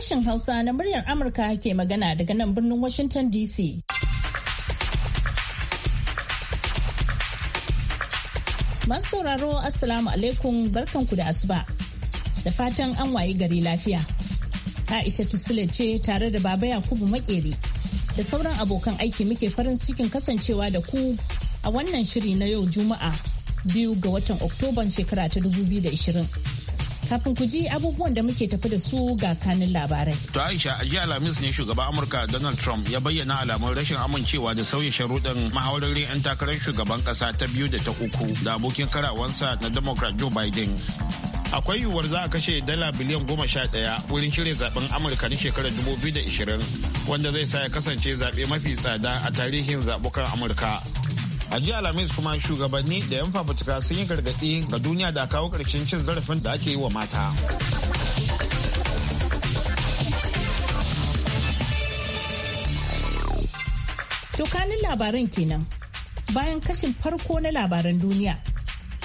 Sashen Hausa na muryar Amurka ke magana daga nan birnin Washington DC. Masu sauraro Assalamu alaikum barkanku da asuba. Da fatan an wayi gari lafiya. Aisha Tusile ce tare da Baba Yakubu Makeri da sauran abokan aiki muke farin cikin kasancewa da ku a wannan shiri na yau Juma'a biyu ga watan Oktoban shekara ta 2020. Kafin ku ji abubuwan da muke tafi da su ga kanin labarai. To Aisha, a jiya Alhamis ne shugaban Amurka Donald Trump ya bayyana alamun rashin amincewa da sauya sharuɗin mahaurin 'yan takarar shugaban ƙasa ta biyu da ta uku da abokin karawansa na Democrat Joe Biden. akwai yiwuwar za a kashe dala biliyan goma sha ɗaya wurin shirya zaben amurka na shekarar dubu biyu da ishirin wanda zai sa ya kasance zaɓe mafi tsada a tarihin zaɓukan amurka a jiya alhamis kuma shugabanni da yan fafutuka sun yi gargaɗi ga duniya da kawo ƙarshen cin zarafin da ake yi wa mata Dokanin labaran kenan bayan kashin farko na labaran duniya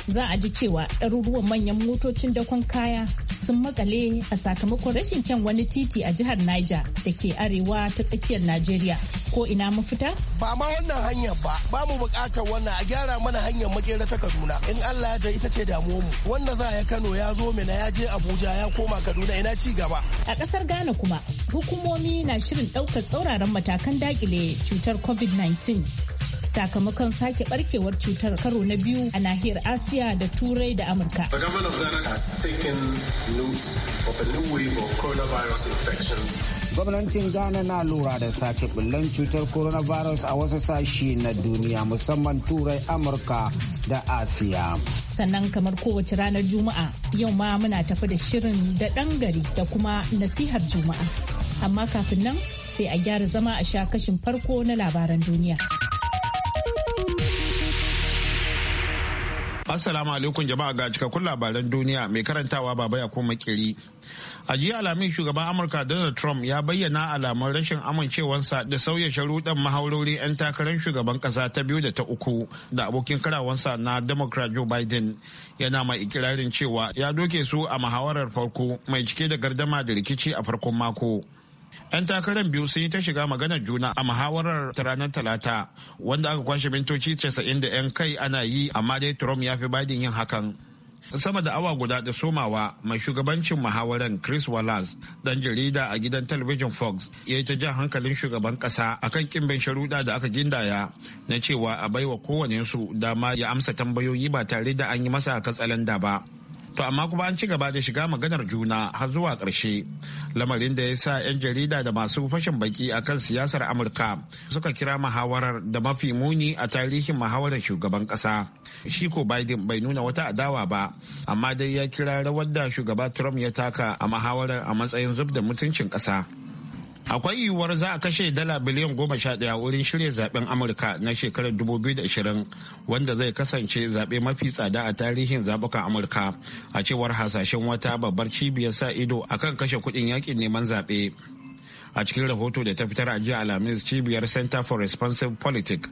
za a ji cewa ɗaruruwan manyan motocin dakon kaya sun makale a sakamakon rashin kyan wani titi a jihar Niger da ke arewa ta tsakiyar Najeriya. Ko ina mafita? Ba ma wannan hanyar ba, ba mu bukatar wannan a gyara mana hanyar makera ta Kaduna. In Allah ya ita ce damuwar mu. Wanda za ya Kano ya zo mina ya je Abuja ya koma Kaduna ina ci gaba. A kasar Ghana kuma, hukumomi na shirin ɗaukar tsauraran matakan dakile cutar COVID-19. sakamakon sake barkewar cutar karo na biyu a nahiyar Asiya da Turai da Amurka. Gwamnatin Ghana na lura da sake bullan cutar coronavirus a wasu sashe na duniya musamman Turai, Amurka da Asiya. Sannan kamar kowace ranar Juma'a yau ma muna tafi da shirin da ɗan gari da kuma nasihar Juma'a. Amma kafin nan sai a gyara zama a sha kashin farko na labaran duniya. Assalamu alaikum jama'a ga cikakkun labaran duniya mai karantawa baba ya kuma makiri. A jiya alamin shugaban Amurka Donald Trump ya bayyana alamun rashin amincewarsa da sauya sharuɗan mahaurori 'yan takarar shugaban ƙasa ta biyu da ta uku da abokin karawansa na Democrat Joe Biden yana mai ikirarin cewa ya doke su a muhawarar farko mai cike da gardama da rikici a farkon mako. 'yan takarar biyu sun yi ta shiga maganar juna a muhawarar ta ranar talata wanda aka kwashe mintoci 90 da 'yan kai ana yi amma dai trump ya fi biden yin hakan sama da awa guda da somawa mai shugabancin muhawaran chris wallace dan jarida a gidan talabijin fox ya yi ta jan hankalin shugaban kasa akan kimbin sharuɗa da aka gindaya na cewa a baiwa kowane su dama ya amsa tambayoyi ba tare da an yi masa katsalanda ba to amma kuma an ci gaba da shiga maganar juna har zuwa ƙarshe lamarin da ya sa 'yan jarida da masu fashin baki a kan siyasar amurka suka kira muhawarar da mafi muni a tarihin muhawarar shugaban kasa shi ko biden bai nuna wata adawa ba amma dai ya kira rawar da shugaba trump ya taka a muhawarar a matsayin zub da mutuncin kasa akwai yiwuwar za a kashe dala biliyan goma sha ɗaya wurin shirya zaben amurka na shekarar dubu biyu da ashirin wanda zai kasance zaɓe mafi tsada a tarihin zaɓukan amurka a cewar hasashen wata babbar cibiyar sa ido akan kashe kuɗin yakin neman zaɓe a cikin rahoto da ta fitar a jiya alhamis cibiyar center for responsive politics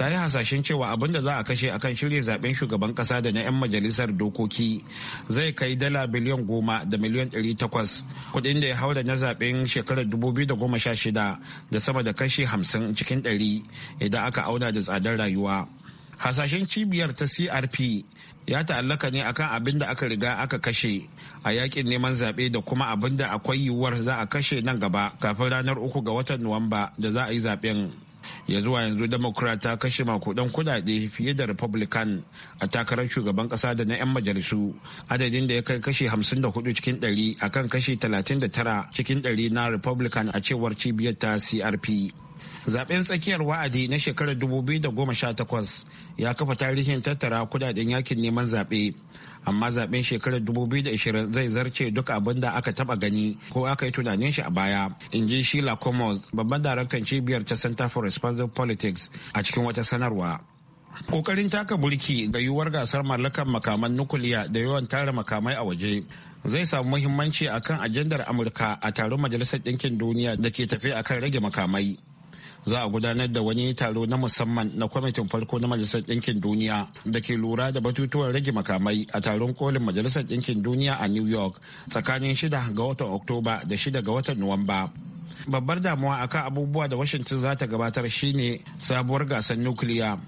ta yi hasashen cewa abin da za a kashe akan shirya zaben shugaban kasa da na 'yan majalisar dokoki zai kai dala biliyan goma da miliyan ɗari takwas kuɗin da ya haura na zaben shekarar dubu biyu da sha shida da sama da kashe hamsin cikin ɗari idan aka auna da tsadar rayuwa hasashen cibiyar ta crp ya ta'allaka ne akan abin da aka riga aka kashe a yakin neman zaɓe da kuma abin da akwai yiwuwar za a kashe nan gaba kafin ranar uku ga watan nuwamba da za a yi zaɓen ya zuwa yanzu democrat ta kashe makudan kudade fiye da republican a takarar shugaban kasa da na 'yan majalisu adadin da ya kai kashe 54 cikin 100 akan kashe 39 cikin 100 na republican a cewar cibiyar ta crp zaben tsakiyar wa'adi na shekarar 2018 ya kafa tarihin tattara kudaden yakin neman zaɓe amma zaben shekarar 2020 zai zarce duk abin da aka taba gani ko aka yi tunanin shi a baya in ji sheila comos babban daraktan cibiyar ta center for responsible politics a cikin wata sanarwa kokarin taka burki ga yiwuwar gasar mallakar makaman nukuliya da yawan tara makamai a waje zai samu muhimmanci akan ajandar amurka a taron majalisar ɗinkin duniya da ke tafe akan rage makamai za a gudanar da wani taro na musamman na kwamitin farko na majalisar ɗinkin duniya da ke lura da batutuwan rage makamai a taron kolin majalisar ɗinkin duniya a new york tsakanin shida ga watan oktoba da shida ga watan nuwamba babbar damuwa akan abubuwa da washington za ta gabatar shine sabuwar gasar nukiliya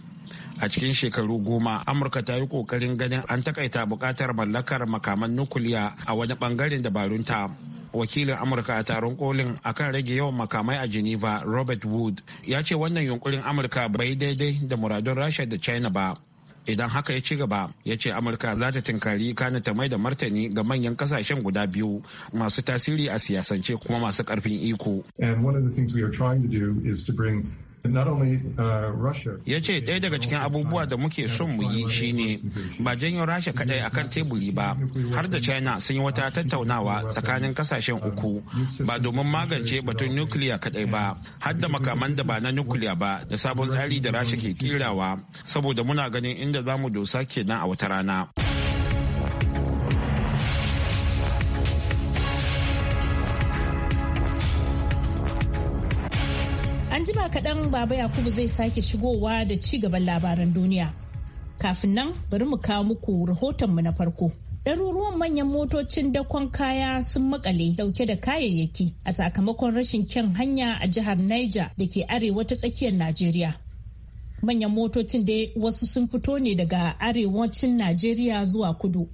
a cikin shekaru goma amurka ta yi kokarin ganin an takaita bukatar mallakar makaman nukiliya a wani bangaren dabarunta wakilin amurka a taron kolin akan rage yawan makamai a geneva robert wood ya ce wannan yunkurin amurka bai daidai da muradun rasha da china ba idan haka ya ci gaba ya ce amurka za ta tinkari kana ta mai da martani ga manyan kasashen guda biyu masu tasiri a siyasance kuma masu karfin iko and one things we are trying to is to Uh, ya ce ɗaya daga cikin abubuwa da muke son mu yi shine ba janyo rasha kadai kan teburi ba har da china sun yi wata tattaunawa tsakanin kasashen uku ba domin magance batun nukiliya kadai ba har da makaman da ba na nukiliya ba da sabon tsari da rasha ke kirawa saboda muna ganin inda za mu dosa kenan a wata rana. kaɗan baba yakubu zai sake shigowa da ci gaban labaran duniya kafin nan bari mu kawo muku rahotonmu na farko ɗaruruwan manyan motocin dakon kaya sun makale ɗauke da kayayyaki a sakamakon rashin kyan hanya a jihar niger da ke arewa ta tsakiyar najeriya manyan motocin dai wasu sun fito ne daga arewacin najeriya zuwa kudu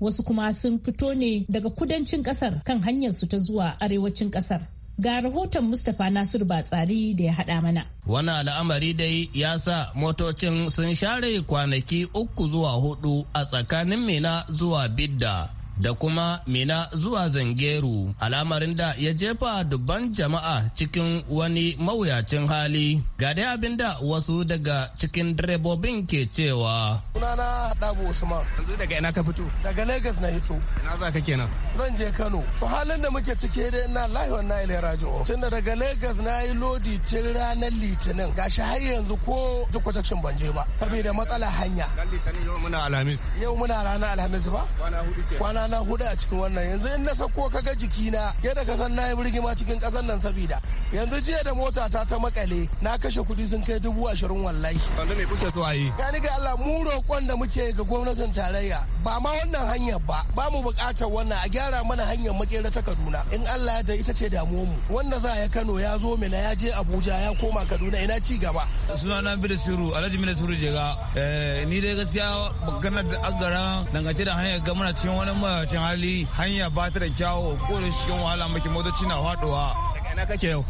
wasu kuma sun fito ne daga kudancin ƙasar kan hanyarsu ta zuwa arewacin ƙasar. Ga rahoton Mustapha Nasiru ba tsari da ya haɗa mana. Wani al'amari dai ya sa motocin sun share kwanaki uku zuwa hudu a tsakanin Mina zuwa Bidda. da kuma Mina zuwa Zangeru, al'amarin da ya jefa dubban jama'a cikin wani mawuyacin hali. Ga dai abin da wasu daga cikin direbobin ke cewa. Sunana Dago Usman. Yanzu daga ina ka fito? Daga Lagos na hito. Ina za ka kenan? Zan je Kano. To halin da muke ciki dai ina lahi wannan ilai rajo. Tunda daga Lagos na yi lodi tun ranar Litinin. Gashi har yanzu ko duk wajen ban je ba. Saboda matsalar hanya. Litinin yau muna Alhamis. Yau muna ranar Alhamis ba? Kwana hudu ke. Kwana na hudu a cikin wannan yanzu in na sako kaga jikina yadda ka san na yi birgima cikin kasar nan sabida yanzu jiya da mota ta ta makale na kashe kuɗi sun kai dubu ashirin wallahi. Wanda ne kuke so a yi? Gani ga Allah mu roƙon da muke ga gwamnatin tarayya ba ma wannan hanyar ba ba mu buƙatar wannan a gyara mana hanyar makera ta Kaduna in Allah ya da ita ce damuwar mu wanda za ya Kano ya zo Mina ya je Abuja ya koma Kaduna ina ci gaba. bi da Siru Alhaji mina Siru Jega eh, ni dai gaskiya maganar da agara dangance da hanyar gamana cikin wani mawacin hali hanya ba ta da kyawo ko da cikin wahala maki motoci na faduwa ina kake yau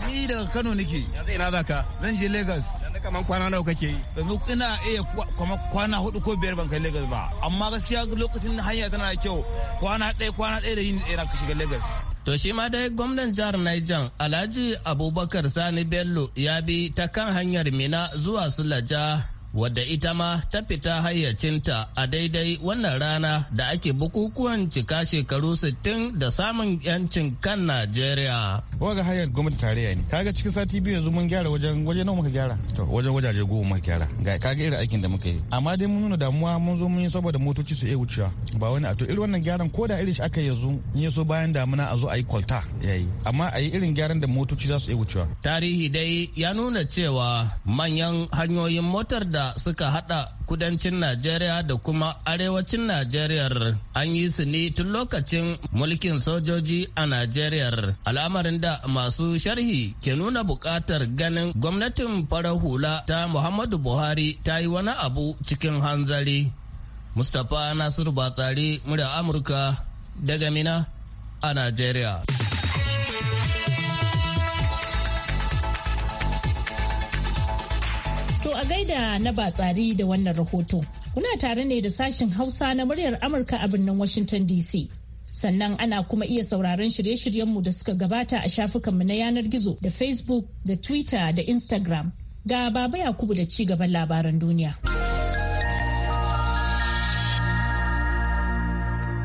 biyar ban ba amma gaskiya lokacin hanya tana da kyau kwana ɗaya kwana ɗaya da To shi ma dai gwamnan jihar Niger Alhaji Abubakar Sani Bello ya bi ta kan hanyar Mina zuwa Sulaja wadda ita ma ta fita hayyacinta a daidai wannan rana da ake bukukuwan cika shekaru 60 da samun yancin kan Najeriya. Waga hayar gwamnati tarayya ne. Kaga cikin sati biyu yanzu mun gyara wajen waje nawa muka gyara? wajen wajaje goma muka gyara. Ga kaga irin aikin da muka yi. Amma dai mun nuna damuwa mun zo mun yi saboda motoci su iya wucewa. Ba wani to irin wannan gyaran ko da irin shi aka yanzu in yaso bayan damuna a zo a yi kwalta yayi. Amma a yi irin gyaran da motoci za su iya wucewa. Tarihi dai ya nuna cewa manyan hanyoyin motar da suka hada kudancin Najeriya da kuma arewacin Najeriya an yi su ne tun lokacin mulkin sojoji a Najeriya. Al'amarin da masu sharhi ke nuna bukatar ganin gwamnatin farar hula ta Muhammadu Buhari ta yi wani abu cikin hanzari. Mustapha Nasiru Batsari, murya Amurka daga Mina a Najeriya. To a gaida na ba tsari da wannan rahoto. Kuna tare ne da sashen Hausa na muryar Amurka a birnin Washington DC. Sannan ana kuma iya sauraron shirye-shiryenmu da suka gabata a shafukanmu na yanar gizo da Facebook da Twitter da Instagram. Ga Baba Yakubu da ci gaban labaran duniya.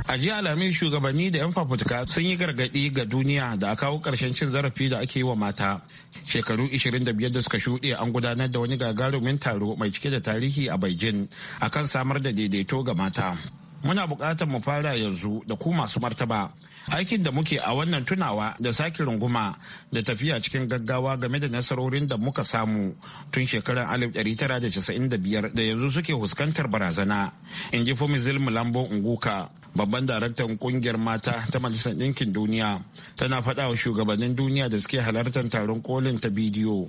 a jiya alhamin shugabanni da 'yan fafutuka sun yi gargaɗi ga duniya da a kawo ƙarshen cin zarafi da ake yi wa mata shekaru 25 da suka shuɗe an gudanar da wani gagarumin taro mai cike da tarihi a beijing akan samar da daidaito ga mata muna buƙatar mu fara yanzu da ku masu martaba aikin da muke a wannan tunawa da sake runguma da tafiya cikin gaggawa game da nasarorin da muka samu tun shekarar 1995 da yanzu suke fuskantar barazana in ji fumizil mulambo nguka babban daraktan kungiyar mata ta majalisar ɗinkin duniya tana faɗa wa shugabannin duniya da suke halartar taron kolin ta bidiyo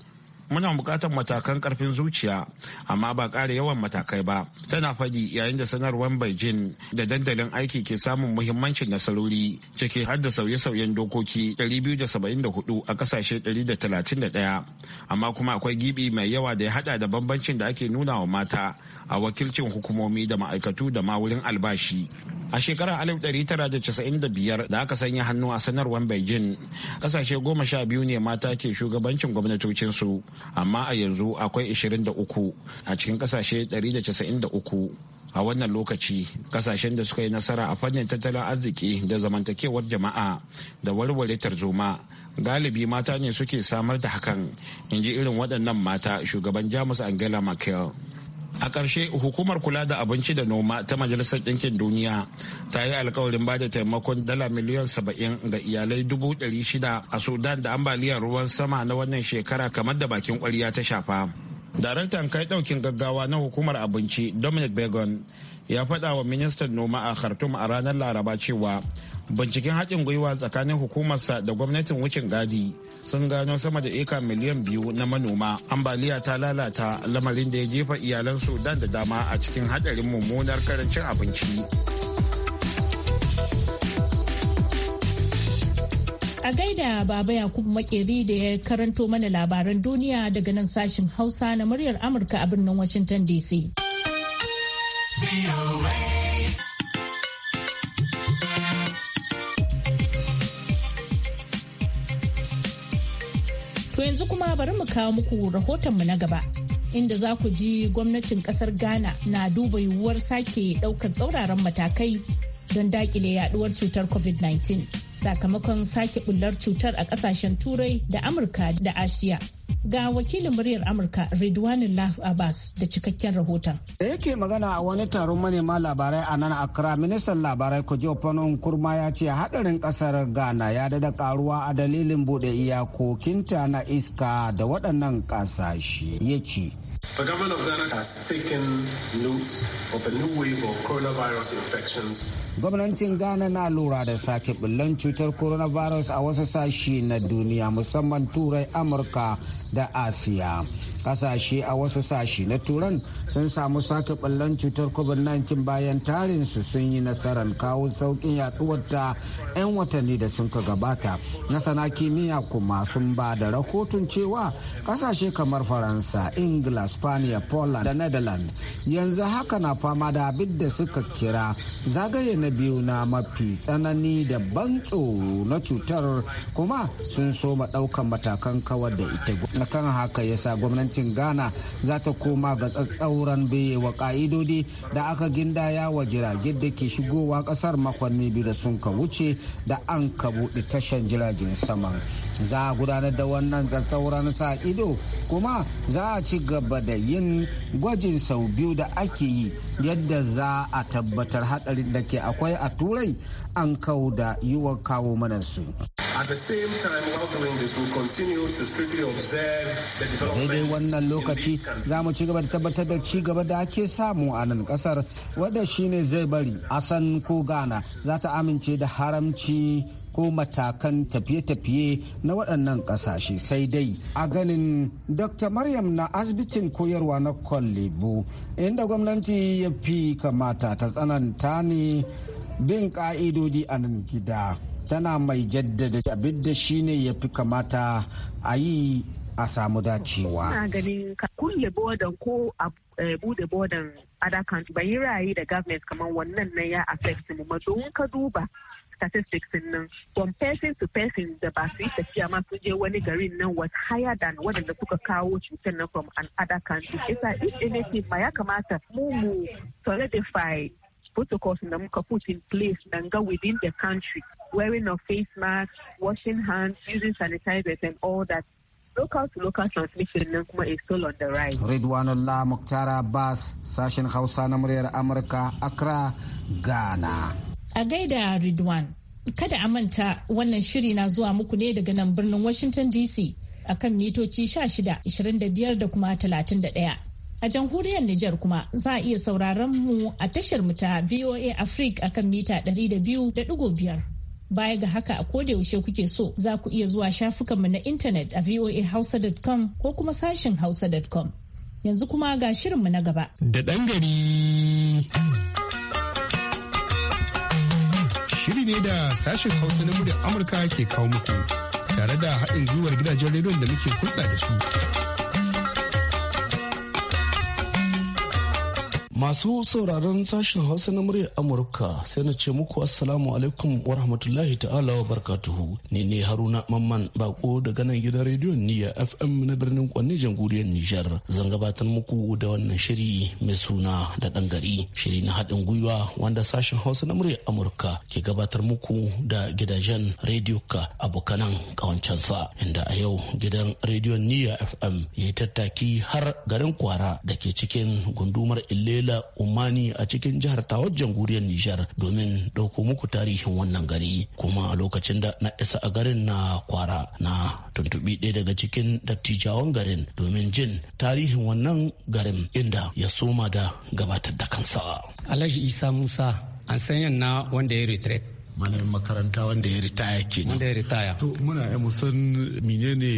muna bukatar matakan karfin zuciya amma ba ƙara yawan matakai ba tana faɗi yayin da sanarwar beijing da dandalin aiki ke samun muhimmancin nasarori ciki har da sauye-sauyen dokoki 274 a ƙasashe 131 amma kuma akwai gibi mai yawa da ya hada da bambancin da ake nuna wa mata a wakilcin hukumomi da ma'aikatu da ma wurin albashi A shekarar tara da da biyar aka sanya hannu a sanarwar Beijing, kasashe goma sha biyu ne mata ke shugabancin gwamnatocinsu, amma a yanzu akwai 23 a cikin kasashe uku A wannan lokaci, kasashen da suka yi nasara a fannin tattalin arziki da zamantakewar jama'a da warware tarzoma galibi mata ne suke samar da hakan, in ji irin waɗannan mata shugaban Jamus Angela Merkel. a ƙarshe hukumar kula da abinci da noma ta majalisar ɗinkin duniya ta yi alkawarin ba da taimakon dala miliyan saba'in ga iyalai dubu ɗari shida a sudan da ambaliyar ruwan sama na wannan shekara kamar da bakin ƙwarya ta shafa daraktan kai ɗaukin gaggawa na hukumar abinci dominic begon ya faɗa wa ministan noma a khartum a ranar laraba cewa binciken haɗin gwiwa tsakanin hukumarsa da gwamnatin wucin gadi sun gano sama da eka miliyan biyu na manoma ambaliya ta lalata lamarin da ya jefa iyalan sudan da dama a cikin hadarin mummunar karancin abinci a gaida baba yakub makeri da ya karanto mana labaran duniya daga nan sashen hausa na muryar amurka a birnin washington dc yanzu kuma bari mu kawo muku rahotonmu na gaba. Inda za ku ji gwamnatin kasar Ghana na duba yiwuwar sake ɗaukar tsauraran matakai don dakile yaduwar cutar COVID-19 sakamakon sake bullar cutar a ƙasashen Turai da Amurka da Asiya. Ga wakilin muryar Amurka laf Abbas da cikakken rahoton. Da yake magana a wani taron manema labarai a nan Accra, ministan labarai Kojo Fanon Kurma ya ce hadarin kasar Ghana ya dada karuwa a dalilin bude iyakokinta na iska da waɗannan kasashe. Ya ce The government of Ghana has taken note of a new wave of coronavirus infections. Gwamnatin Ghana na lura da sake bullan cutar coronavirus a wasu sashi na duniya musamman Turai, Amurka da Asiya. Kasashe a wasu sashi na Turan sun samu sake ɓallon cutar covid-19 bayan su sun yi nasarar kawo saukin yaduwar ta 'yan watanni da sun ka gabata masana kimiyya kuma sun ba da rahoton cewa kasashe kamar faransa ingila spaniya poland da netherlands yanzu haka na fama da abin da suka kira zagaye na biyu na mafi tsanani da ban na cutar kuma sun soma ɗaukan matakan kawar da ita na kan haka yasa gwamnatin ghana za ta koma ga tsatsau tsauraran beye wa ka'idodi da aka gindaya wa jiragen da ke shigowa kasar makonni biyu da sun ka wuce da an ka buɗe tashan jiragen saman za a gudanar da wannan tsauraran sa ido kuma za a ci gaba da yin gwajin sau biyu da ake yi yadda za a tabbatar hatsarin da ke akwai a turai an kau da yiwa kawo mana su Daidai wannan lokaci za mu ci gaba da tabbatar da ci gaba da ake samu a nan kasar wadda shine zai bari asan ko gana za ta amince da haramci ko matakan tafiye-tafiye na waɗannan ƙasashe sai dai a ganin dr maryam na asibitin koyarwa na kwallebu inda gwamnati ya fi kamata ta tsananta ne bin ƙa'idodi a nan gida tana mai jaddada abin abinda ne ya fi kamata a yi a samu dacewa. Ina ganin kulle bodan ko a eh, bude bodan other country bai rayu da government kamar wannan na ya affect mu mazo ka duba statistics nan from person to person da ba su yi tafiya ma sun je wani garin nan was higher than waɗanda suka kawo cutar nan from an other country. Isa if anything ma ya kamata mu mu solidify protocols da muka put in place nan ga within the country wearing of face masks, washing hands, using sanitizers and all that. Local to local transmission nan kuma is still on the rise. Ridwanullah Mukhtar Abbas, sashin Hausa na muryar Amurka, Accra, Ghana. A gaida Ridwan, kada a manta wannan shiri na zuwa muku ne daga nan birnin Washington DC a kan mitoci 16, 25 da kuma 31. A jamhuriyar Nijar kuma za a iya sauraron mu a tashar mu ta VOA Africa akan mita 200.5 Baya ga haka a koda yaushe kuke so za ku iya zuwa shafukanmu na intanet a voahausa.com ko kuma sashin hausa.com. Yanzu kuma ga shirinmu na gaba. Da ɗan gari. Shiri ne da sashin hausa na muryar Amurka ke kawo muku tare da haɗin gwiwar gidajen rediyon da muke hulɗa da su. Masu sauraron sashen Hausa na muryar Amurka sai na ce muku Assalamu alaikum wa rahmatullahi ta'ala wa barkatuhu. Ni ne Haruna Mamman Bako daga nan gidan rediyon Niyya FM na birnin Kwanne Janguriyar Nijar. Zan gabatar muku da wannan shiri mai suna da ɗan gari. Shiri na haɗin gwiwa wanda sashen Hausa na muryar Amurka ke gabatar muku da gidajen rediyo ka abokanan kawancansa inda a yau gidan rediyon Niyya FM ya yi tattaki har garin Kwara da ke cikin gundumar Ilela da Umani a cikin jihar Tawad jamhuriyar Nijar domin ɗauko muku tarihin wannan gari kuma a lokacin da na isa a garin na kwara na tuntuɓi ɗaya daga cikin dattijawan garin domin jin tarihin wannan garin inda ya soma da gabatar da kansa. Alhaji Isa Musa an san na wanda ya retret malamin makaranta wanda ya ritaya kenan wanda ya ritaya to muna ya musan menene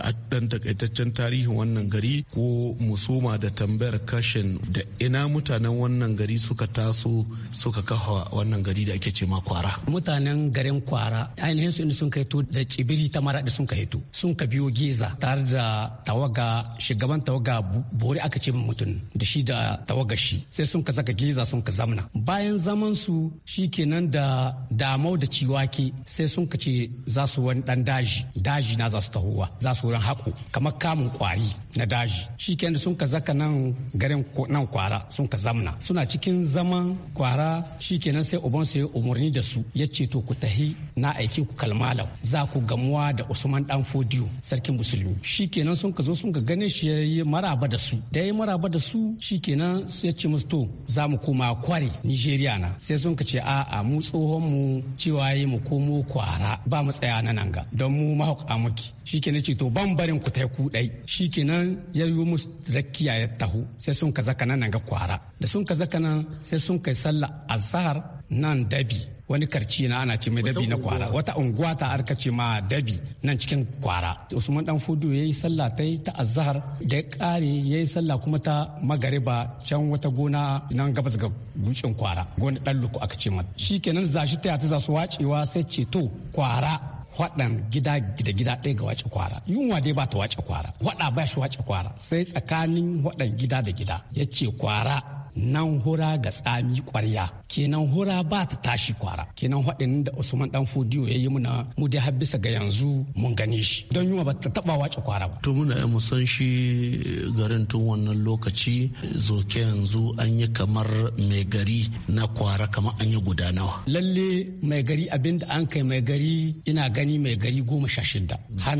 a ɗan takaitaccen tarihin wannan gari ko musoma da tambayar kashin da ina mutanen wannan gari suka taso suka kafa wannan gari da ake ce ma kwara mutanen garin kwara ainihin su sun kai to da cibiri ta mara da sun kai to sun ka biyo geza tare da tawaga shugaban tawaga bori aka ce mutum da shi da tawaga shi sai sun ka saka geza sun ka zamna bayan zaman su shikenan da damau da ciwake sai sun kace za su wani dan daji daji na za su tahowa za su wurin haƙo kamar kamun kwari na daji shi kenan sun ka zaka nan garin nan kwara sun ka zamna suna cikin zaman kwara shi kenan sai uban su ya umarni da su ya ce to ku tahi na aiki ku kalmalau za ku gamuwa da usman dan fodiyo sarkin musulmi shi kenan sun ka zo sun ka gane shi ya yi maraba da su da ya yi maraba da su shi kenan ya ce musu to za mu koma kwari nigeria na sai sun ka ce a'a mu tsohon mu cewa yi mu komo kwara ba mu tsaya na nan ga don mu mahauka muke ke ce to ban barin ku tai ku dai nan ya yi mu rakiya ya taho sai sun ka zaka nan ga kwara da sun ka zaka nan sai sun kai sallah azhar nan dabi wani karci na ana ce mai dabi na kwara wata unguwa ta arka ce ma dabi nan cikin kwara usman dan fudu yi sallah ta yi ta azhar da ya kare ya yi sallah kuma ta magariba can wata gona nan gabas ga dutsen kwara gona dan luku aka ce mata shikenan zashi ta ta su wacewa sai ceto. kwara Waɗan gida gida gida ɗaya ga wace kwara yunwa dai ba ta wace kwara waɗa ba shi wace kwara sai tsakanin waɗan gida da gida ya ce kwara nan hura ga tsami kwarya kenan hura ba ta tashi kwara kenan haɗin da usman dan fodiyo ya yi muna mu dai har bisa ga yanzu mun gane shi don yiwa ba ta taɓa wace kwara ba to muna mu san shi eh, garin tun wannan lokaci zoke yanzu an yi kamar mai gari na kwara kamar an yi guda nawa lalle mai gari abinda an kai mai gari ina gani mai gari goma sha shida har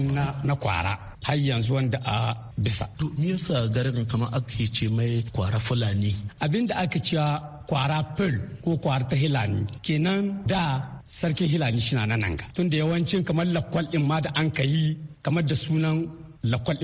na kwara har yanzu wanda a bisa. To me yasa garin kamar ake ce mai kwara fulani? Abin da aka cewa kwara pearl ko kwara ta hilani kenan da sarkin hilani shina na nan ga. Tunda yawancin kamar lakwal ɗin ma da an ka yi kamar da sunan lakwal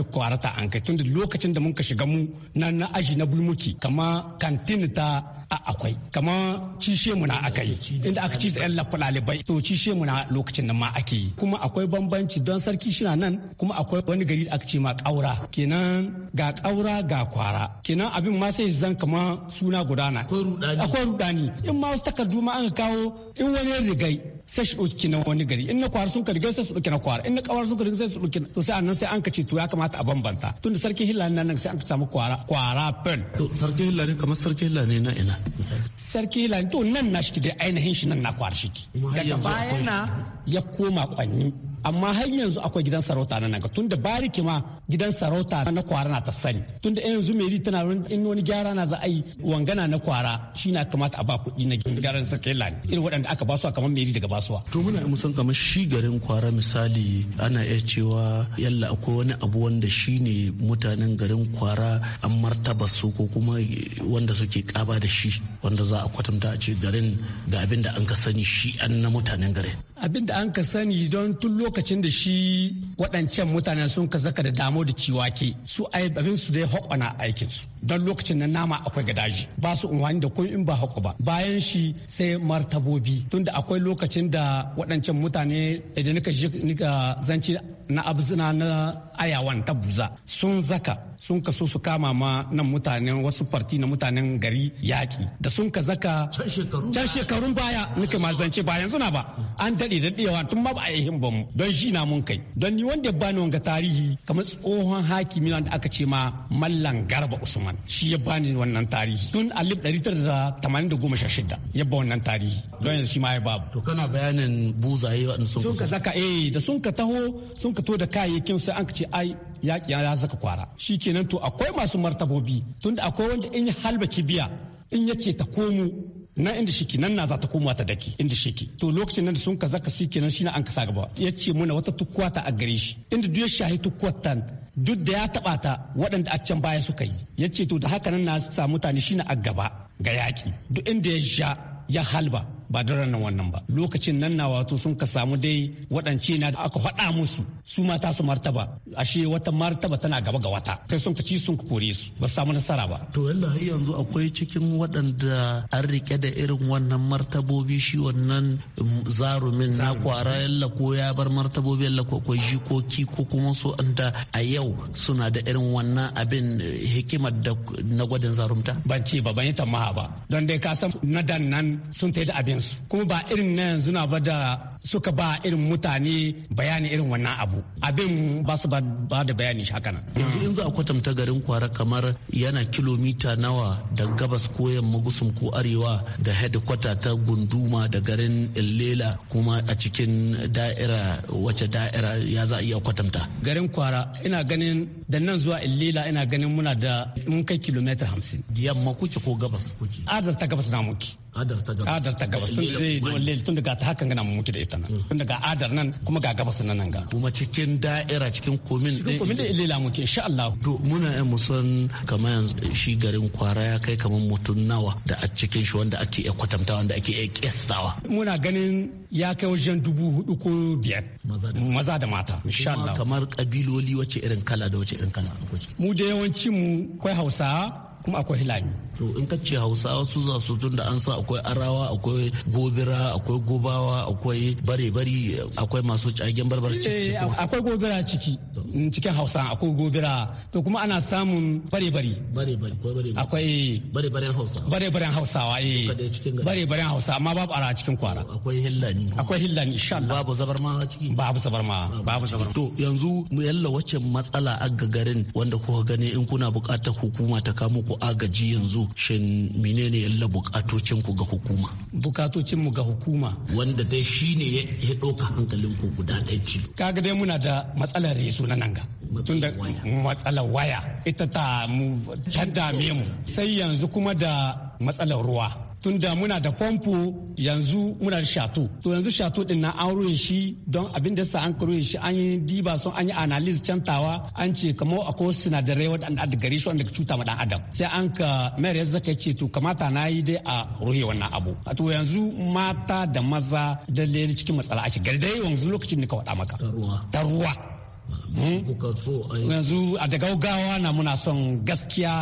ta an kai tunda lokacin da muka shiga mu na na aji na bulmuki kama kantin ta a akwai kama cishe mu na aka yi inda aka ci tsayen lalibai to cishe mu na lokacin nan ma ake yi kuma akwai bambanci don sarki shi nan kuma akwai wani gari da aka ce ma ƙaura kenan ga ƙaura ga kwara kenan abin ma sai zan kama suna gudana akwai rudani in ma wasu takardu ma an kawo in wani rigai sai shi ɗauki na wani gari in na kwara sun karigai sai su ɗauki na kwara in na kawar sun karigai sai su ɗauki to sai annan sai an kace to ya kamata a bambanta tun da sarki hillani nan sai an samu kwara kwara pen to sarki hillani kamar sarki hillani na ina sarki lantun nan na shi da ainihin shi nan na kwar shi daga baya na ya koma kwanni amma har yanzu akwai gidan sarauta na naga tunda bariki ma gidan sarauta na kwara na ta sani tunda in yanzu meri tana in wani gyara na za a yi wangana na kwara shi na kamata a ba kuɗi na gyaran sakela ne irin waɗanda aka basuwa kamar meri daga basuwa. to muna musan kamar shi garin kwara misali ana iya cewa yalla akwai wani abu wanda shi ne mutanen garin kwara an martaba su ko kuma wanda suke kaba da shi wanda za a kwatanta a ce garin ga abin da an ka sani shi an na mutanen garin. abin da an ka sani don tun lokacin da shi waɗancan mutane sun ka zaka da damo da ciwake su abin su dai haƙwana aikinsu don lokacin na nama akwai gadaji ba su unwani da koyi in ba hako ba bayan shi sai martabobi tunda akwai lokacin da waɗancan mutane idan eh, nika nika zanci na abzina na ayawan ta buza sun zaka sun kaso su kama ma nan mutanen wasu farti na mutanen gari yaƙi da sun ka zaka can shekarun baya nika ma zance ba yanzu na ba an daɗe da ɗewa tun ma ba a yi ba mu don shi na mun kai don ni wanda ya bani wanga tarihi kamar tsohon hakimi wanda aka ce ma mallan garba usman Abdurrahman shi ya bani wannan tarihi tun alif ɗari tara da tamanin da goma sha shida ya ba wannan tarihi don yanzu shi ma ya babu. To kana bayanin buzaye waɗanda sun ka zaka eh da sun ka taho sun ka to da kayayyakin sai an ka ce ai yaƙi ya zaka kwara shi kenan to akwai masu martabobi tunda akwai wanda in ya halba kibiya in ya ce ta komo na inda shi nan na za ta komawa ta daki inda ke to lokacin nan da sun shi kenan shi na an ka sa gaba ya ce muna wata tukwata a gare shi inda duk ya shahi tukwatan duk da ya taba ta waɗanda a can baya suka yi ya ce to da haka nan na sa mutane shine a gaba ga yaƙi duk inda ya sha ya halba ba da ranar wannan ba lokacin nan na wato sun ka samu dai waɗance na da aka faɗa musu su ma ta su martaba ashe wata martaba tana gaba ga wata sai sun ka ci sun kore su ba samu nasara ba to yalla har yanzu akwai cikin waɗanda an rike da irin wannan martabobi shi wannan um, zarumin na kwara yalla ko ya bar martabobi yalla ko ko jikoki ko kuma su anda a yau suna da irin wannan abin eh, hikimar da na gwadin zarumta ban ce ba ban yi tamaha ba don dai ka san na dan nan sun ta da abin kuma ba irin na yanzu na ba da suka ba irin mutane bayani irin wannan abu abin ba su ba da bayani haka nan yanzu in za a kwatanta garin kwara kamar yana kilomita nawa da gabas ko yamma gusum ko arewa da headquarter ta gunduma da garin lela kuma a cikin da'ira wace da'ira ya za a iya kwatanta garin kwara ina ganin da nan zuwa lela ina ganin muna da mun kai kilomita hamsin yamma kuke ko gabas kuke azar ta gabas na muke adar ta gabas adar ta gabas tun da dole tun daga ta hakan gana mutu da ita nan mm. tun daga adar nan kuma ga gabas nan nan ga kuma cikin da'ira cikin komin cikin komin da ilela muke insha Allah to muna yan musan kamar yanzu shi garin kwara ya kai kamar mutun nawa da a cikin shi wanda ake ya kwatanta wanda ake ya kestawa muna ganin ya kai wajen dubu hudu ko biyar maza da mata insha Allah kamar kabiloli wace irin kala da wace irin kala mu da yawanci mu kai Hausa kuma akwai hilami to in ka ce hausawa su za su tun da an sa akwai arawa akwai gobira akwai gobawa akwai bare-bari akwai masu cagen barbar ciki eh, akwai gobira ciki mm, cikin hausa akwai gobira to kuma ana samun bare-bari akwai bare-baren hausa. bare-baren hausawa eh bare-baren hausa amma babu ara cikin kwara akwai hillani akwai hillani insha Allah babu zabarma ciki babu zabarma babu zabar to yanzu mu yalla wacce matsala a garin wanda kuka gani in kuna bukatar hukuma ta kamo ku agaji yanzu ku menene yalla bukatocin ku ga hukuma bukatocin mu ga hukuma wanda dai shine ya ɗauka hankalin ku guda ɗaya ci kaga dai muna da matsalar resu na nan ga tunda matsalar waya ita ta mu ta mu sai yanzu kuma da matsalar ruwa tun da muna da famfo yanzu muna da shato to yanzu shato din na an ruwe shi don abin da sa an ruwe shi an yi diba sun an yi analysis cantawa an ce kamar akwai sinadarai waɗanda da gare shi wanda ka cuta ma dan adam sai an ka mayar ya zaka ce to kamata na yi dai a ruhe wannan abu to yanzu mata da maza da cikin matsala ake gari dai yanzu lokacin da ka waɗa maka ta ruwa yanzu a da gawa na muna son gaskiya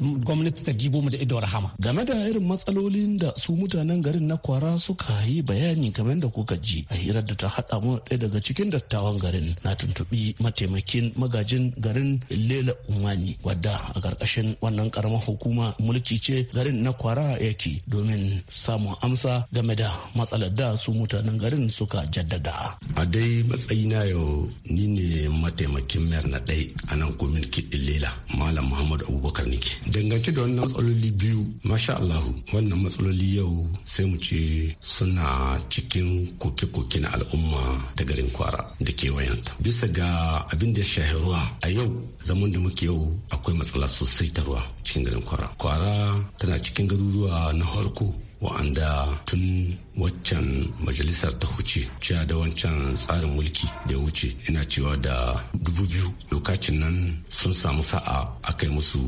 gwamnati ta jibo mu da ido rahama. Game da irin matsalolin da su mutanen garin na kwara suka yi bayani game da kuka ji a hirar da ta haɗa mu ɗaya daga cikin dattawan garin na tuntuɓi mataimakin magajin garin Lela Umani wadda a ƙarƙashin wannan ƙaramar hukuma mulki ce garin na kwara yake domin samun amsa game da matsalar da su mutanen garin suka jaddada. A dai matsayina yau ni ne mataimakin mayar na ɗai a nan gwamnati Lela Malam Muhammadu Abubakar nike. dangance da wannan matsaloli biyu masha Allahu wannan matsaloli yau sai mu ce suna cikin koke-koke na al'umma ta garin kwara da kewayenta bisa ga abin da shahi ruwa a yau zaman da muke yau akwai matsala sosai ta ruwa cikin garin kwara kwara tana cikin garuruwa na harko wa'anda tun waccan majalisar ta huce cewa da wancan tsarin mulki da ya wuce ina cewa da dubu biyu lokacin nan sun samu sa'a aka yi musu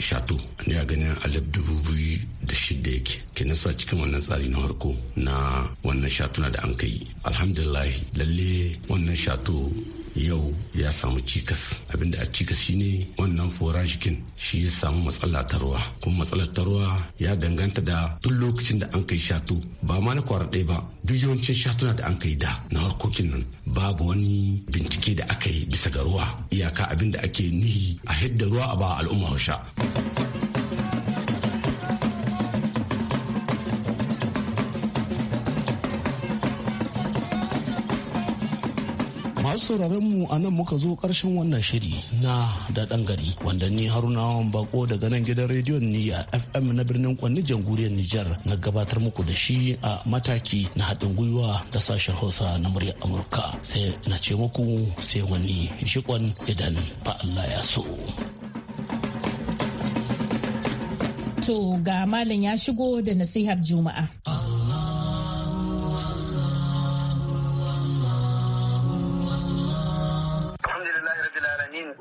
shato ne a ganin alif dubu biyu da shida yake ke su a cikin wannan tsari na farko na wannan shato na da an kai alhamdulillah lalle wannan shato yau ya samu cikas abinda a cikas shine wannan forajikin shi ya samu matsala ta ruwa kuma matsalar ta ruwa ya danganta da duk lokacin da an kai shatu ba ma na kwara ba duk yawancin shatuna da an kai da na harkokin nan babu wani bincike da aka yi bisa ga ruwa iyaka abinda ake nihi a hidda ruwa a ba al'umma hausha. sauraron mu a nan muka zo karshen wannan shiri na da gari wanda ni haruna bako daga nan gidan rediyon ni a fm na birnin kwanni jamhuriyar nijar na gabatar muku da shi a mataki na haɗin gwiwa da sashen hausa na muryar amurka sai na ce muku sai wani shikon idan fa Allah ya so. To ga malam ya shigo da nasihar juma'a.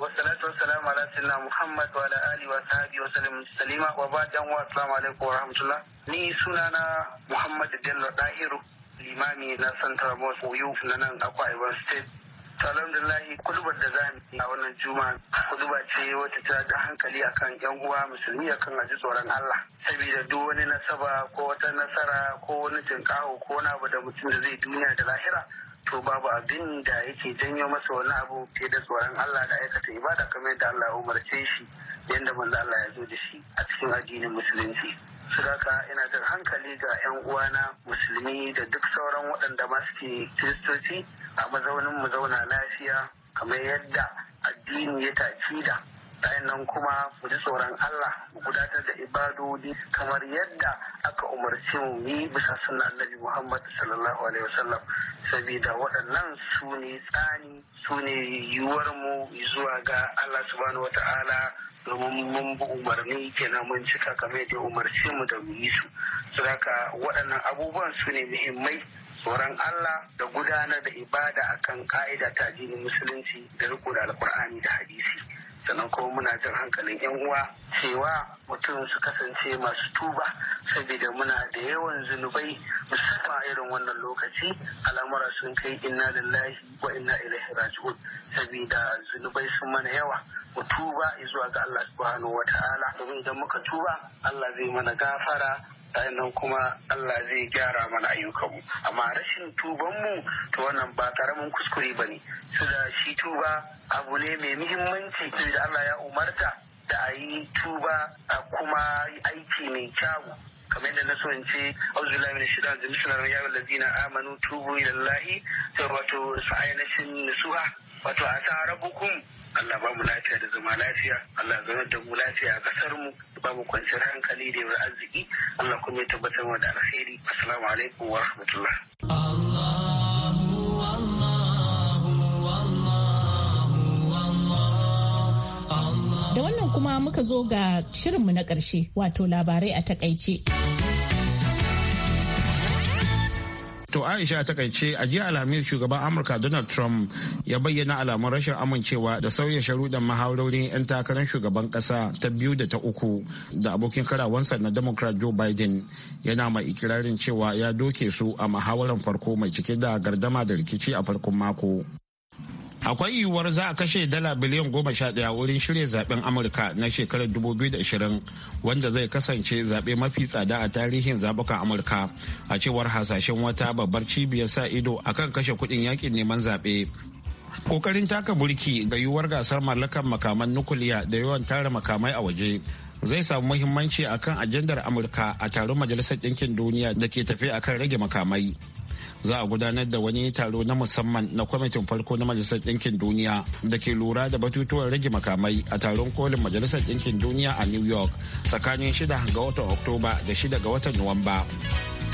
wasalatu wasalamu ala sinna Muhammad wa ala alihi wa sahabi wa sallam salima wa ba dan wa assalamu alaikum wa rahmatullah ni sunana Muhammad dello Dahiru limami na Central Mosque Oyo na nan Akwa ibon State alhamdulillah kudubar da za mu a wannan juma kuduba ce wata ta da hankali akan yan uwa musulmi akan aji tsoron Allah saboda duk wani nasaba ko wata nasara ko wani tinkaho ko wani abu da mutum da zai duniya da lahira to babu abin da yake janyo masa wani abu fiye da tsoron Allah da aikata ibada kamar yadda Allah umarce shi yadda manzo Allah ya zo da shi a cikin addinin musulunci sadaka ina da hankali ga 'yan uwana musulmi da duk sauran waɗanda ma suke kiristoci a mazaunin mu zauna lafiya kamar yadda addini ya taƙida. nan kuma mu ji tsoron Allah mu gudanar da ibadodi kamar yadda aka umarci mu yi bisa suna annabi Muhammad sallallahu alaihi wasallam saboda waɗannan su ne tsani su ne yiwuwar mu zuwa ga Allah subhanahu wataala domin mun bi umarni kenan mun cika kamar yadda umarci mu da mu yi su saboda waɗannan abubuwan su ne muhimmai tsoron Allah da gudanar da ibada akan ka'ida ta musulunci da riko da alkur'ani da hadisi sannan kuma muna jan hankalin yan uwa cewa mutum su kasance masu tuba saboda muna da yawan zunubai musamman irin wannan lokaci al'amura sun kai inna lillahi wa inna ilaihi raji'un saboda zunubai sun mana yawa mu tuba zuwa ga Allah subhanahu wa ta'ala idan muka tuba Allah zai mana gafara sannan kuma Allah zai gyara mana ayyukanmu amma rashin tubanmu to wannan ba karamin kuskure ba ne su shi tuba abu ne mai muhimmanci da Allah ya umarta da a yi tuba a kuma aiki mai kyawu kamar yadda na so in ce auzubillahi min shaitan jin sunan ya amanu tubu ilallahi wato sa'ayanashin nasuha wato a tsara bukun Allah ba mu lafiya da zama lafiya Allah zama da mu lafiya a kasar mu ba mu kwanciyar hankali da yawar arziki Allah kuma ya tabbatar wa da alheri assalamu alaikum wa rahmatullah da wannan kuma muka zo ga shirinmu na ƙarshe wato labarai a takaice. To Aisha ta a jiya alhamis shugaban Amurka Donald Trump ya bayyana alamun rashin amincewa da sauya sharuɗan mahaurorin 'yan takarar shugaban ƙasa ta biyu da ta uku da abokin karawansa na Democrat Joe Biden yana mai ikirarin cewa ya doke su a muhawarar farko mai cike da gardama da rikici a farkon mako. akwai yiwuwar za a kashe dala biliyan goma sha ɗaya wurin shirya zaben amurka na shekarar dubu biyu da 2020 wanda zai kasance zaɓe mafi tsada a tarihin zaɓukan amurka a cewar hasashen wata babbar cibiyar sa ido akan kashe kuɗin yakin neman zaɓe kokarin taka burki ga yiwuwar gasar mallakar makaman nukuliya da yawan tara makamai a waje zai samu muhimmanci akan ajandar amurka a taron majalisar ɗinkin duniya da ke tafe akan rage makamai za a gudanar da wani taro na musamman na kwamitin farko na majalisar ɗinkin duniya da ke lura da batutuwan rage makamai a taron kolin majalisar ɗinkin duniya a new york tsakanin 6 ga watan oktoba da 6 ga watan nuwamba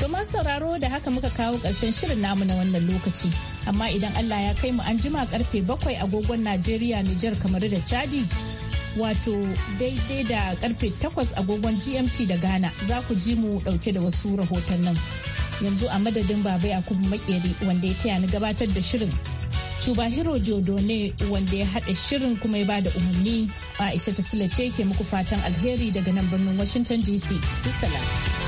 kamar sauraro da haka muka kawo ƙarshen shirin namu na wannan lokaci amma idan allah ya kai mu an jima karfe bakwai agogon najeriya nijar kamar da chadi wato daidai da karfe takwas agogon gmt da ghana za ku ji mu dauke da wasu rahoton nan yanzu a madadin babai a yakubu makeri wanda ya taya ni gabatar da shirin Chubahiro ne wanda ya haɗa shirin kuma ya ba da umarni Aisha ta ce ke muku fatan alheri daga nan birnin Washington DC. Assalamu.